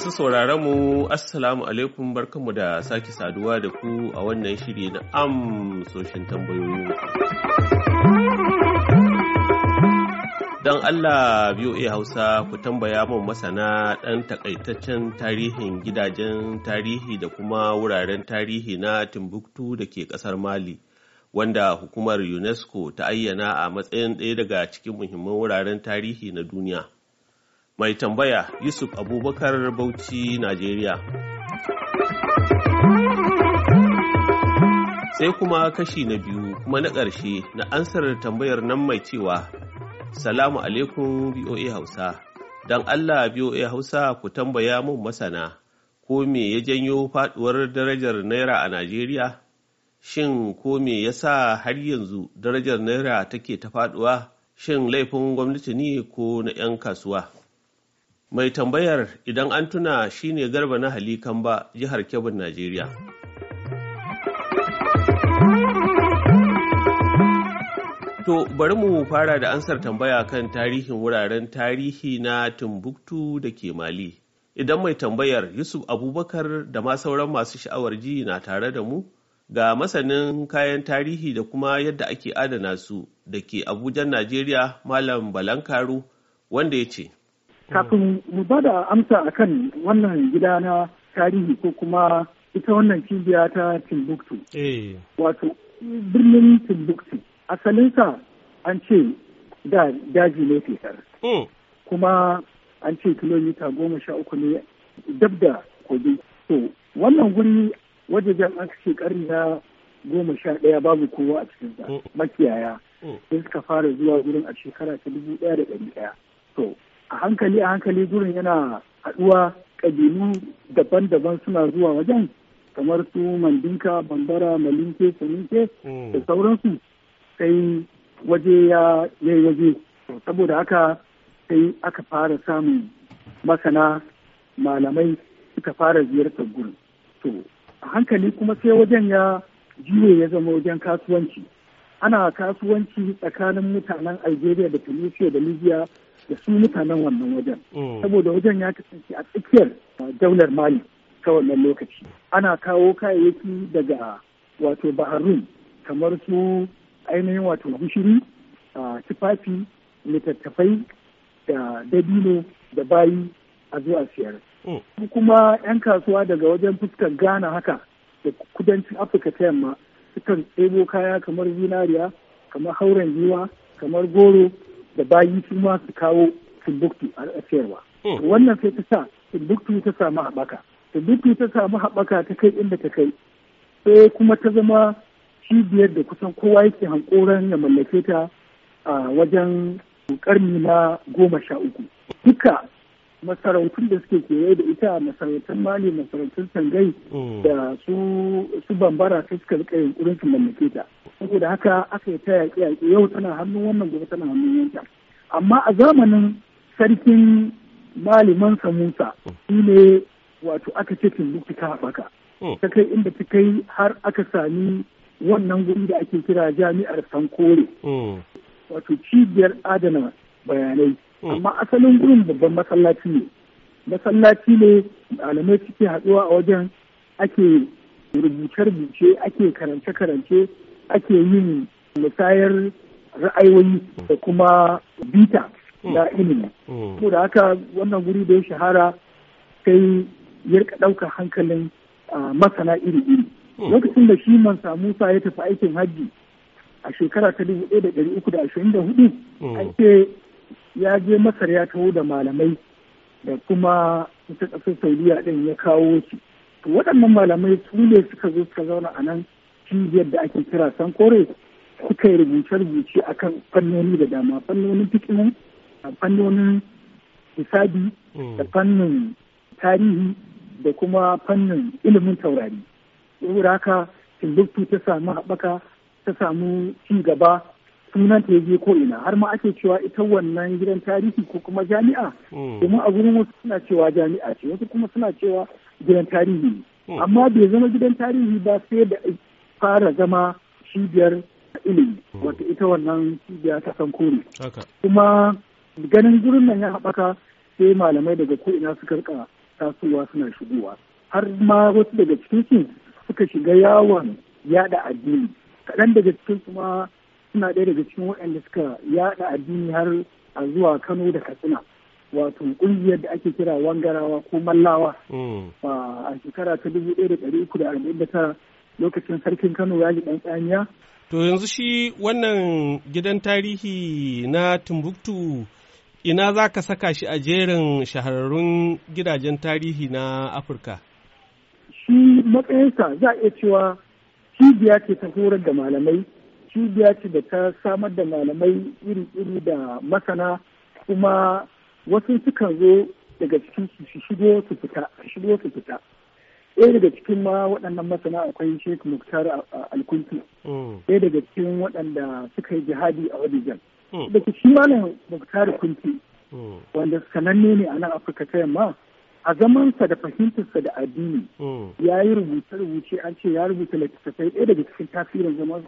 Masu sauraron mu Assalamu alaikum barkanmu da sake saduwa da ku a wannan shiri na amsoshin tambayoyi. Don Allah biyo a Hausa ku tambaya mun masana ɗan takaitaccen tarihin gidajen tarihi da kuma wuraren tarihi na Timbuktu da ke ƙasar Mali. Wanda hukumar UNESCO ta ayyana a matsayin ɗaya daga cikin muhimman wuraren tarihi na duniya. Mai tambaya Yusuf Abubakar Bauchi, Najeriya. Sai kuma kashi na biyu kuma na ƙarshe na ansar tambayar nan mai cewa Salamu alaikum BOA Hausa. Don Allah BOA Hausa ku tambaya mun masana ko me ya janyo faduwar darajar Naira a Najeriya? Shin ko me ya sa har yanzu darajar Naira take ta faduwa? Shin laifin gwamnati ne ko na 'yan kasuwa? mai tambayar idan an tuna shine garba na halikan ba jihar kebbi najeriya to bari mu fara da ansar tambaya kan tarihin wuraren tarihi na timbuktu da ke mali idan mai tambayar yusuf abubakar da ma sauran masu sha'awar ji na tare da mu ga masanin kayan tarihi da kuma yadda ake adana su da ke abujan najeriya malam balankaru wanda ya ce Kafin mu ba da amsa a kan wannan gida na tarihi ko kuma ita wannan cibiya ta Timbuktu. Eh. Wato birnin Timbuktu asalinsa an ce da daji ne fesar. Oh. Kuma an ce kilomita goma sha uku ne dab da kogi. To wannan guri wajajen an ce karni na goma sha ɗaya babu kowa a sa oh. makiyaya. Oh. Sai suka fara zuwa gurin a shekara ta dubu ɗaya da ɗari ɗaya. To a hankali a hankali gurin yana haɗuwa ƙabilu daban-daban suna zuwa wajen kamar su mandinka bambara malinke saninke hmm. da sauransu sai waje ya yi waje saboda haka sai aka fara samun masana malamai suka fara ziyartar gurin to a hankali kuma sai wajen ya juye ya zama wajen kasuwanci ana kasuwanci tsakanin mutanen algeria da tunisia da libya da su mutanen wannan wajen mm. saboda wajen ya kasance a tsakiyar uh, daular mali ta wannan lokaci ana kawo kayayyaki daga wato baharun kamar su ainihin wato gishiri uh, tufafi littattafai da dabino da bayi a zuwa siyar mm. kuma 'yan kasuwa daga wajen fuskar ghana haka da kudancin afirka ta yamma sukan tsebo kaya kamar zinariya kamar hauren giwa kamar goro da bayi su ma su kawo timbuktu a sayarwa hmm. wannan sai ta sa timbuktu ta samu haɓaka timbuktu ta samu haɓaka ta kai inda ta kai sai kuma ta zama cibiyar da kusan kowa yake hankoran ya mallake ta a wajen karni na goma sha uku duka masarautun da suke kewaye da ita masarautun mali masarautun sangai hmm. da su bambara sai suka rika yunkurin su mallake ta saboda haka aka yi ta yaƙi yaƙi yau tana hannun wannan gobe tana hannun yankin amma a zamanin sarkin maliman samusa shi ne wato aka ce timbuktu ta haɓaka hmm. ta kai inda ta kai har aka sami wannan guri da ake kira jami'ar sankore hmm. wato cibiyar adana bayanai hmm. amma asalin gurin babban masallaci ne masallaci ne malamai suke haɗuwa a wajen ake rubuce-rubuce ake karance-karance ake yin musayar ra'ayoyi da kuma bita na hmm. ilimi. Ko hmm. da haka wannan guri da ya shahara sai ya ɗaukar hankalin masana iri-iri. Hmm. Lokacin da shi Mansa Musa ya tafi aikin hajji a shekara ta dubu ɗaya da ɗari uku da ashirin da hudu, an ya je Masar ya taho da malamai da kuma ta ƙasar Saudiya ɗin ya kawo su. waɗannan malamai su ne suka zo suka zauna a nan cibiyar da ake kira sankore suka yi rubuce-rubuce akan fannoni da dama fannonin fikimin fannonin hisabi mm. da fannin tarihi da kuma fannin ilimin taurari saboda haka timbuktu ta samu haɓaka ta samu ci gaba sunan ta je ko ina har ma ake cewa ita wannan gidan tarihi ko kuma jami'a mm. domin a gurin wasu suna cewa jami'a ce wasu kuma suna cewa gidan tarihi mm. amma bai zama gidan tarihi ba sai da fara zama cibiyar ilimi hmm. wata ita wannan cibiya ta san ne. kuma ganin gurin nan ya haɓaka sai malamai daga ko'ina suka rika tasowa suna shigowa har ma wasu daga cikin suka shiga yawon yada addini kaɗan daga cikin kuma suna ɗaya daga cikin waɗanda suka yada addini har a zuwa kano da katsina wato ƙungiyar da ake kira wangarawa ko mallawa hmm. a shekara ta dubu ɗaya da ɗari uku da arba'in da tara lokacin sarkin Kano ya ɗan Tsamiya. To yanzu shi wannan gidan tarihi na Timbuktu ina za ka saka shi a jerin shahararrun gidajen tarihi na Afirka? Shi matsayinsa za a iya cewa cibiya ce ta horar da malamai, cibiya ce da ta samar da malamai iri-iri da masana kuma wasu sukan zo daga cikin su shigo su fita, shigo su fita. ɗaya daga cikin ma waɗannan masana akwai sheikh muktar alkunti mm. ɗaya daga cikin waɗanda suka yi jihadi a wajen mm. da shi na muktar kunti mm. wanda sananne ne a nan afirka ta yamma a zamansa da fahimtarsa da addini ya yi rubuce-rubuce an ce ya rubuta littattafai ɗaya daga cikin tasirin zaman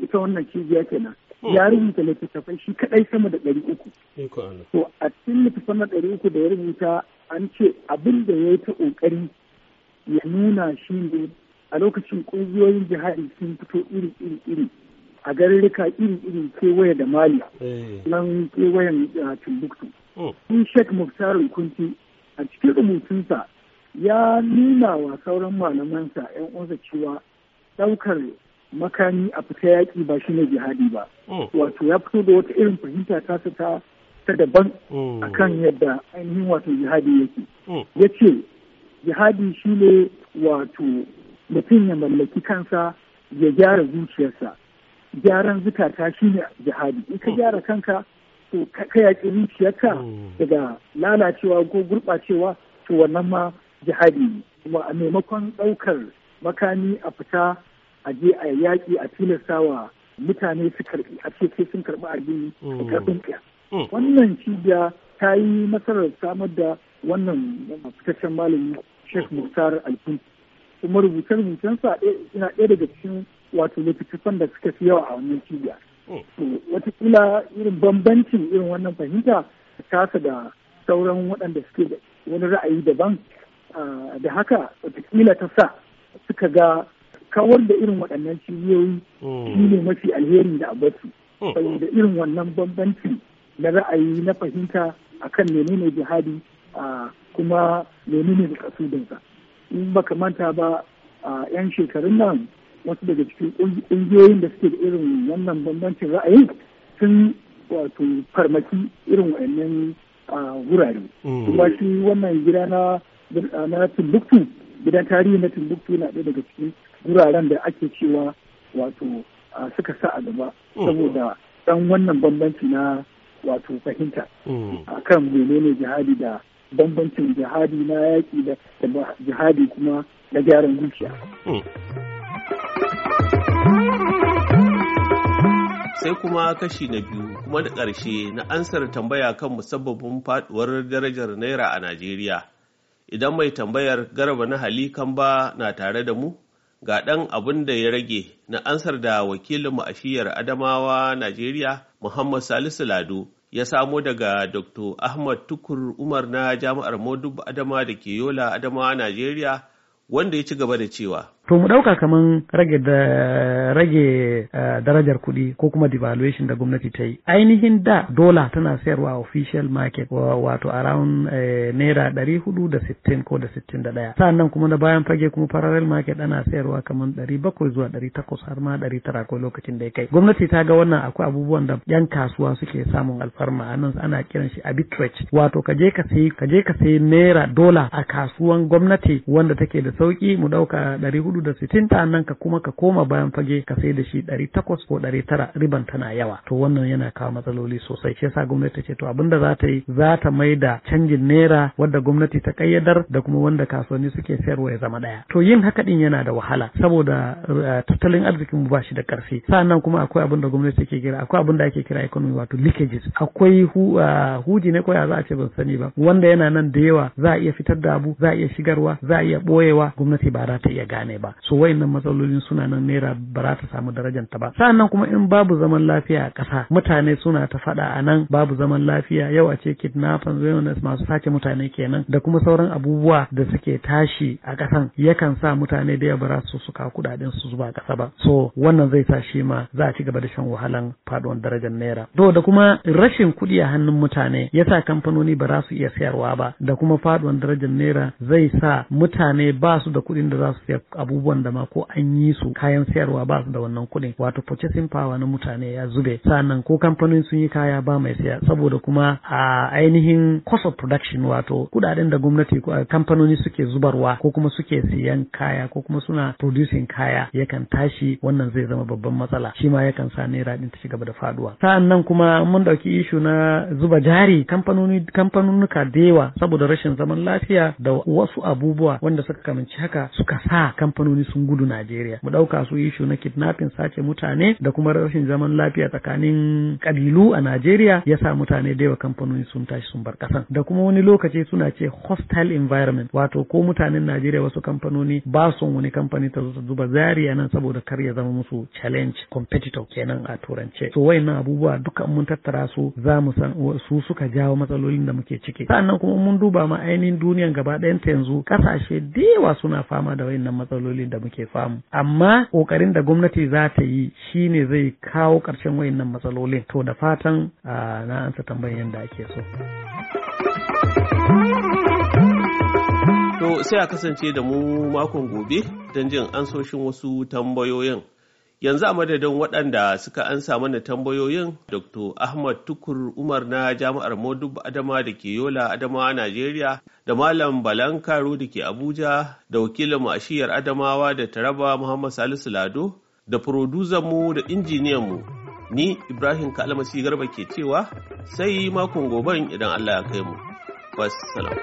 ita wannan cibiya kenan ya rubuta littattafai shi kaɗai sama da ɗari uku to a cikin littattafan ɗari uku da ya rubuta an ce abin da ya yi ta ƙoƙari ya nuna shi ne a lokacin ƙungiyoyin jihadi sun fito iri-iri a garirrika iri-iri kewaye da mali eh. nan kewayen ah, timbuktu oh. shi shek muftar kunci a cikin rubutunsa ya nuna wa sauran malamansa 'yan uwansa cewa ɗaukar makami a fita yaƙi ba shi ne jihadi ba oh. wato ya fito da wata irin fahimta ta ta ta daban oh. kan yadda ainihin wato jihadi yake ya ce jihadi ne wato mutum ya mallaki kansa ya gyara zuciyarsa gyaran zukata ne jihadi in ka gyara kanka to ka yaƙi zuciyarka mm. daga lalacewa ko gurɓacewa to wannan ma jihadi ne a maimakon ɗaukar makami a fita a je a yaƙi a tilasta wa mutane su karɓi a ce sai sun karɓi addini da mm. karɓin mm. wannan cibiya ta yi nasarar samar da wannan fitaccen malami Sheikh Muktar Alfun. Kuma rubuce-rubucensa suna ɗaya daga cikin wato littattafan da suka fi yawa a wannan cibiya. Hmm. Wataƙila irin bambancin irin wannan fahimta tasa da sauran waɗanda suke da wani ra'ayi daban ah, da haka watakila ta sa suka ga kawar da irin waɗannan cibiyoyi hmm. shi ne mafi alheri da abasu. Hmm. Saboda irin wannan bambanci na ra'ayi na fahimta akan menene jihadi a kuma menene da kasudinsa in baka manta ba a 'yan shekarun nan wasu daga cikin ƙungiyoyin da suke da irin wannan bambancin ra'ayi sun wato farmaki irin wa'annan wurare mm. kuma shi wannan gida na na Timbuktu gidan tarihi na Timbuktu na ɗaya daga cikin wuraren da ake cewa wato suka sa a gaba mm. saboda dan wannan bambanci na wato fahimta mm. akan menene jihadi da bambancin jihadi na yaƙi da jihadi kuma na gyaran zuciya. Hmm. Sai kuma kashi na biyu kuma da ƙarshe na ansar tambaya kan musabbabin faduwar darajar Naira a Najeriya. Idan mai tambayar garba na hali ba na tare da mu, ga ɗan abin da ya rage na ansar da wakilin mu Adamawa Najeriya Muhammad Salisu Lado ya samo daga Dr. Ahmad Tukur Umar na Jami'ar Modub Adama da ke Yola Adamawa Najeriya wanda ya ci gaba da cewa to mu ɗauka kaman rage da rage eh, darajar kuɗi ko kuma devaluation da gwamnati ta yi ainihin da dola tana sayarwa official market wato around eh, naira ɗari hudu da sittin ko da sittin da ɗaya sannan kuma na bayan fage kuma parallel market ana sayarwa kaman ɗari bakwai zuwa ɗari takwas har ma ɗari tara ko lokacin da ya kai gwamnati ta ga wannan akwai abubuwan da yan kasuwa suke samun alfarma a nan ana kiran shi arbitrage wato ka je ka sayi ka je ka sayi naira dola a kasuwan gwamnati wanda take da sauki mu ɗauka ɗari hudu da sittin nan ka kuma ka koma bayan fage ka sai da shi ɗari takwas ko ɗari tara riban tana yawa to wannan yana kawo matsaloli sosai shi yasa gwamnati ce to abin da za ta yi za ta mai da canjin naira wadda gwamnati ta ƙayyadar, da kuma wanda kasuwanni suke sayarwa ya zama ɗaya to yin haka ɗin yana da wahala saboda eh, tattalin arzikin mu ba shi da ƙarfi nan kuma akwai abin da gwamnati ke kira akwai abin da ake kira economy wato leakages akwai eh, huji ne ko ya za a ce ban sani ba wanda yana nan da yawa za a iya fitar da abu za a iya shigarwa za a iya ɓoyewa gwamnati ba za ta iya gane ba ba so wayannan matsalolin suna nan naira ba za ta samu darajar ta ba sa'annan kuma in babu zaman lafiya a ƙasa mutane suna ta faɗa a nan babu zaman lafiya yau a ce kidnappers masu sace mutane kenan da kuma sauran abubuwa da suke tashi a ƙasan yakan sa mutane da yabara su suka kuɗaɗen su zuba ƙasa ba so wannan zai sa shi ma za a ci gaba da shan wahalan faɗuwar darajar naira to da kuma rashin kuɗi a hannun mutane yasa kamfanoni ba za su iya sayarwa ba da kuma faɗuwar darajar naira zai sa mutane ba su da kuɗin da za su siya abu abubuwan da ma ko an yi su kayan sayarwa ba su da wannan kuɗin wato purchasing power na mutane ya zube sannan ko kamfanin sun yi kaya ba mai saya saboda kuma a ainihin cost of production wato kuɗaɗen da gwamnati kamfanoni suke zubarwa ko kuma suke siyan kaya ko kuma suna producing kaya yakan tashi wannan zai zama babban matsala shi ma yakan sa naira ɗin ta ci gaba da faɗuwa sa'annan kuma mun ɗauki ishu na zuba jari kamfanoni kamfanonuka da yawa saboda rashin zaman lafiya da wasu abubuwa wanda suka kamanci haka suka sa kamfanoni kamfanoni sun gudu Najeriya mu ɗauka su ishu na kidnapping sace mutane da kuma rashin zaman lafiya tsakanin ƙabilu a Najeriya ya sa mutane da yawa kamfanoni sun tashi sun bar ƙasan da kuma wani lokaci suna ce hostile environment wato ko mutanen Najeriya wasu kamfanoni ba son wani kamfani ta zo ta zuba zari nan saboda kar ya zama musu challenge competitor kenan a turance so wayannan abubuwa duka mun tattara su za mu san su suka jawo matsalolin da muke ciki sannan kuma mun duba ma ainihin duniyan gaba ɗayan ta yanzu ƙasashe da yawa suna fama da wayannan matsaloli matsalolin da muke famu amma kokarin da gwamnati za ta yi shi ne zai kawo ƙarshen wayannan matsalolin to da fatan na ansa tambayan yadda ake so to sai a kasance da mu makon gobe don jin ansoshin wasu tambayoyin Yanzu a madadin waɗanda suka ansa mana tambayoyin Dr. Ahmad Tukur Umar na Jami'ar Modub Adama da ke Yola Adama Najeriya da Malam Balan Karo da ke Abuja da wakilin a shiyar Adamawa da Taraba Muhammad Salisu Lado da mu da injiniyan mu ni Ibrahim Kalmasi Garba ke cewa sai makon goben idan Allah ya kai mu. Wassalam.